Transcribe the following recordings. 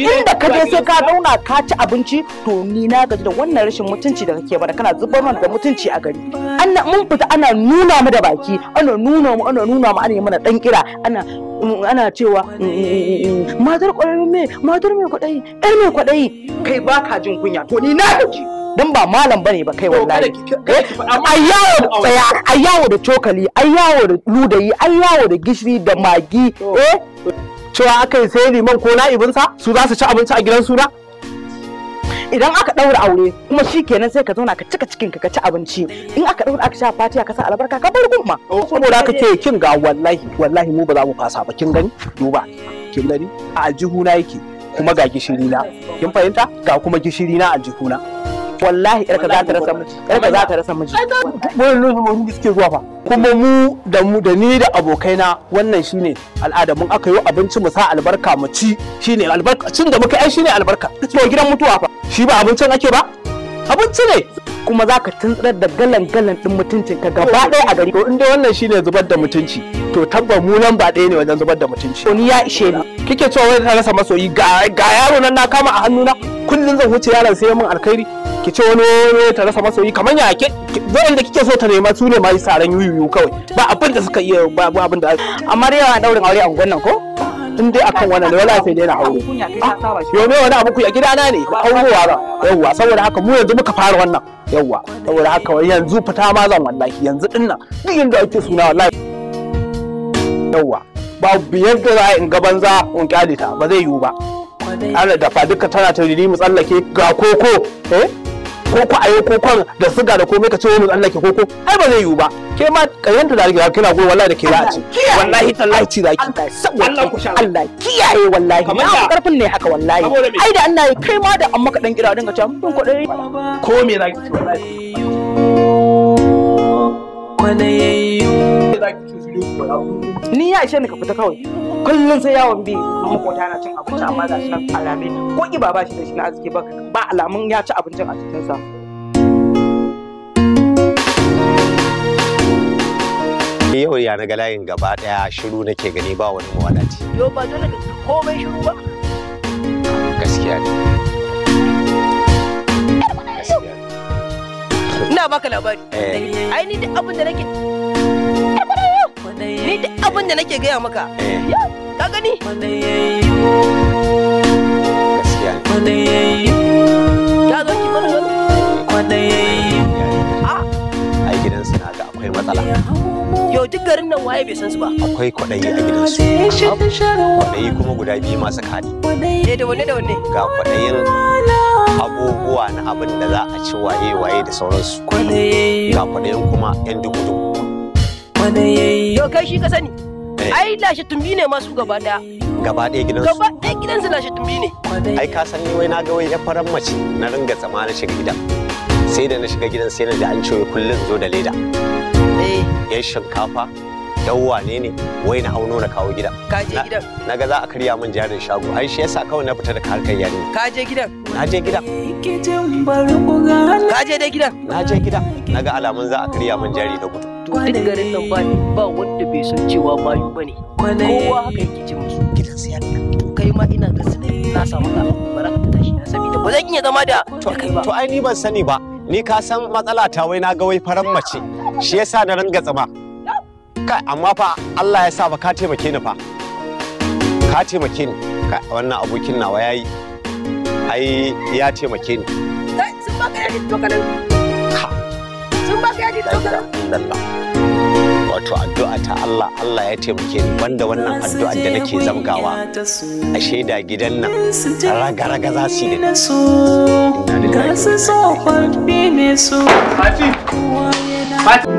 inda ka je sai ka zauna ka ci abinci to ni na gaji da wannan rashin mutunci da kake mana kana zubar mana da mutunci a gari ana mun fita ana nuna mu da baki ana nuna mu ana nuna mu ana yi mana dan kira ana ana cewa mm, mm, mm, matar kwararru me matar me kwaɗayi ɗan me kwaɗayi kai ba ka jin kunya to ni na gaji dan ba malam bane ba kai wallahi ai yawo da tsaya ai yawo da cokali ai yawo da ludayi ai yawo da gishiri da magi eh cewa aka yi sai liman ko na'ibinsa su za su ci abinci a gidan suna idan aka ɗaura aure kuma shi kenan sai ka zauna ka cika cikin ka ci abinci in aka ɗaura aka sha fatiya ka sa albarka ka bar gumma saboda haka ke kin ga wallahi wallahi mu ba za mu fasa ba kin gani duba kin gani a aljihu na yake kuma ga gishiri na kin fahimta ga kuma gishiri na aljihu na. wallahi yarka za ta rasa miji yarka za ta rasa miji mun lulu mun suke zuwa fa kuma mu da mu da ni da abokaina wannan shine al'ada mun aka yi abinci mu sa albarka mu ci shine albarka cin da muka ai shine albarka to gidan mutuwa fa shi ba abincin ake ba abinci ne kuma zaka tuntsar da galan galan din mutuncin ka gaba ɗaya a gari to inda wannan shine zubar da mutunci to tabba mu nan ba ɗaya ne wajen zubar da mutunci to ni ya ishe ni kike cewa wai ta rasa masoyi ga yaro nan na kama a hannuna kullun zan huce yaron sai mun alkhairi ki ci wani wani ta rasa masoyi kamar ya ke da kike so ta nema su ne ma saran yuyu kawai ba abin da suka iya ba abin da amma dai yana daurin aure a nan ko in dai akan wani ne wala sai dai na aure ah, yo ne wani abu ku ya gidana ne ba aurewa ba yawwa saboda haka mu yanzu muka fara wannan yawwa saboda haka yanzu fita ma zan wallahi yanzu nan duk inda ake suna wallahi yawwa ba biyar da za a in banza in kyale ta ba zai yiwu ba ana dafa duka tana ta mu tsallake ga koko eh ko a ayi kokon da suga da komai ka ce wani Allah ke koko ai ba zai yiwu ba ke ma kayanta da zaki kina go wallahi da ke za ci wallahi tallahi ci zaki Allah Allah kiyaye wallahi na karfin ne haka wallahi ai da Allah ya kai ma da amma ka dan kira dinga ta mun dai ko me zaki wallahi wallahi Ni ya ishe ni ka fita kawai. Kullum sai yawon bi makota na cin abinci amma ga shi nan alame ko iba ba shi da shi na arziki ba ba alamun ya ci abincin a cikinsa. Yau ya na ga layin gaba daya shiru nake gani ba wani mawadaci. Yau ba dole ka komai shiru ba. Gaskiya ne. ina baka labari. Eh. Ai ni duk abin da nake. da nake gaya maka ka gani ya zo ki mana ah. ai gidansu na ga akwai matsala yau duk garin nan waye bai san su ba akwai kwaɗayi a gidansu kwaɗayi kuma guda biyu masu kani eh da wanne da wanne ga kwaɗayin abubuwa na abin da za a ci waye waye da sauransu ga kwaɗayin kuma yan dubu dubu yau kai shi ka sani Eh. ai lashe tumbi ne masu gaba daya gaba ɗaya gidansu gaba ɗaya gidansu lashe tumbi ne ai ka san ni wai na ga wai ya faran mace na ringa tsama na shiga gidan sai da na shiga gidan sai na ji an ce kullum zo da leda eh yan shinkafa dan wane ne wai na auno na kawo gidan ka je gidan na ga za a karya min jarin shago ai shi yasa kawai na fita da harkar yare ka je gidan na je gidan ka je dai gidan na je gidan na ga alamun za a karya min jari da gudu duk garin nan ba ba wanda bai san cewa mayu ba ne kowa haka yake ce musu gidan siyar to kai ma ina ga sinai na samu ka bara ka tashi na sabida ba zan iya zama da to kai ba to ai ni ban sani ba ni ka san matsala ta wai na ga wai faran mace shi yasa na ranga tsama kai amma fa Allah ya sa ba ka taimake ni fa ka taimake ni kai wannan abokin nawa yayi ai ya taimake ni sun baka yadda to kana sun baka yadda to kana wato addu'a ta Allah Allah ya taimake ni wanda wannan addu'a da nake zamgawa a shaida gidan nan raga raga za su yi da su. Fati! Fati!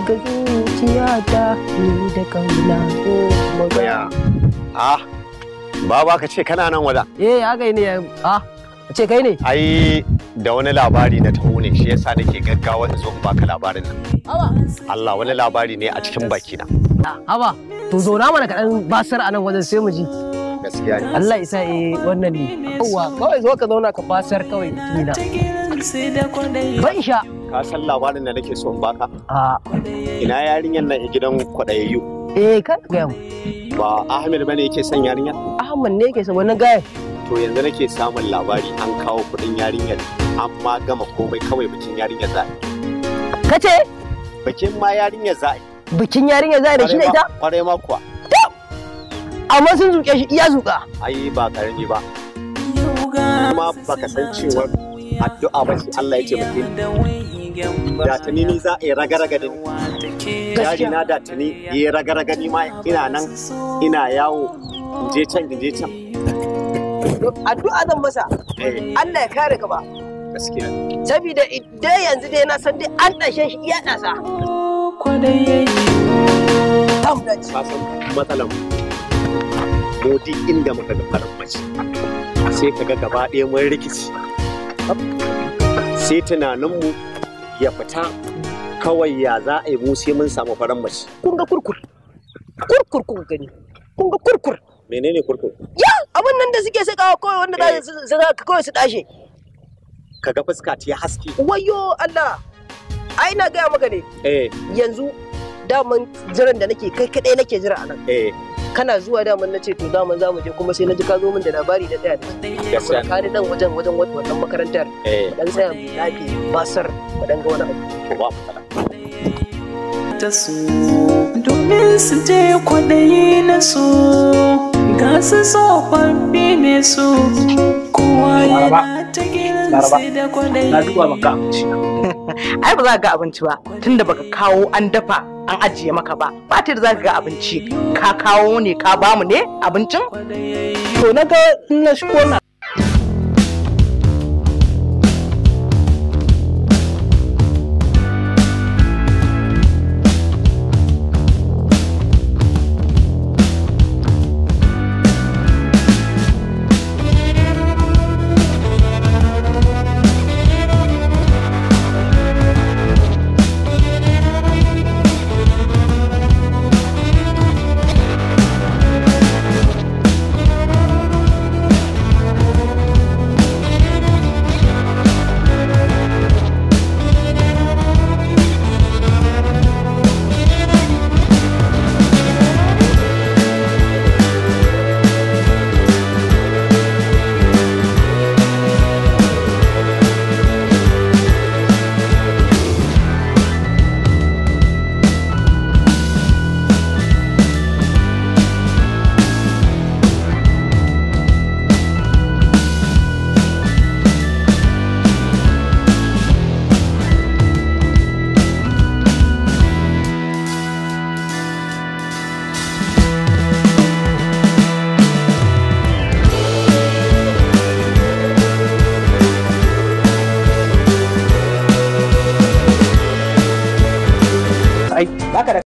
ga zuciyata ni da kauna ko maga. Ah, baba ka ce kana nan wada. Eh, haka ne ah. ce kai ne? Ai da wani labari na taho ne shi yasa nake gaggawa in zo baka labarin nan. Awa. Allah wani labari ne a cikin baki na. Awa to zo na mana kaɗan basar a nan wajen sai mu ji. Gaskiya ne. Allah isa eh wannan ne. Yawwa kawai zo ka zauna ka basar kawai tuna. Ban sha. ka san labarin da nake son baka ina yarinyar nan a gidan kwaɗayayyu eh kan gaya ba ahmed bane yake son yarinyar ahmed ne yake son wani gaya to yanzu nake samun labari an kawo kuɗin yarinyar amma gama komai kawai bikin yarinyar za'a kace bikin ma yarinyar za'a bikin yarinyar za'a da shi da ita kwarai ma kuwa amma sun zuke shi iya zuka ai ba ƙarami ba kuma baka san cewa addu'a ba shi Allah ya ce mutum da tuni ni za a yi ragaraga da ni na da tuni yi ragaraga ni ma ina nan ina yawo in je can in je can addu'a zan masa eh. Allah ya kare ka ba gaskiya saboda yanzu dai na san dai an dashe shi iya dasa matsalan mu inda muka ga farin sai kaga ga gaba ɗaya mun rikici sai mu. ya fita kawai ya za a yi mu sai mun samu faran mace kun ga kurkur kurkur kun gani kun ga kurkur menene kurkur ya abin nan da suke sakawa kawai wanda za ka eh. kawai su dashe kaga fuska ta haske wayo Allah ai na gaya maka ne eh. yanzu daman jiran da nake kai kadai nake jira anan eh kana zuwa da mun nace to daman za mu je kuma sai na ji ka zo min da labari da daya da kuma ka dan wajen wajen wannan makarantar dan eh. sai mu lafi basar mu dan ga wani abu to ba mu ta su domin su je kwaɗayi na su ga su so tsofaffi ne su kowa yana ta gidan sai da na zuwa maka kwaɗayi ai ba za ka ga abinci ba tunda baka kawo an dafa an ajiye maka ba ba ta za ka ga abinci ka kawo ne ka bamu ne abincin to na na shi kona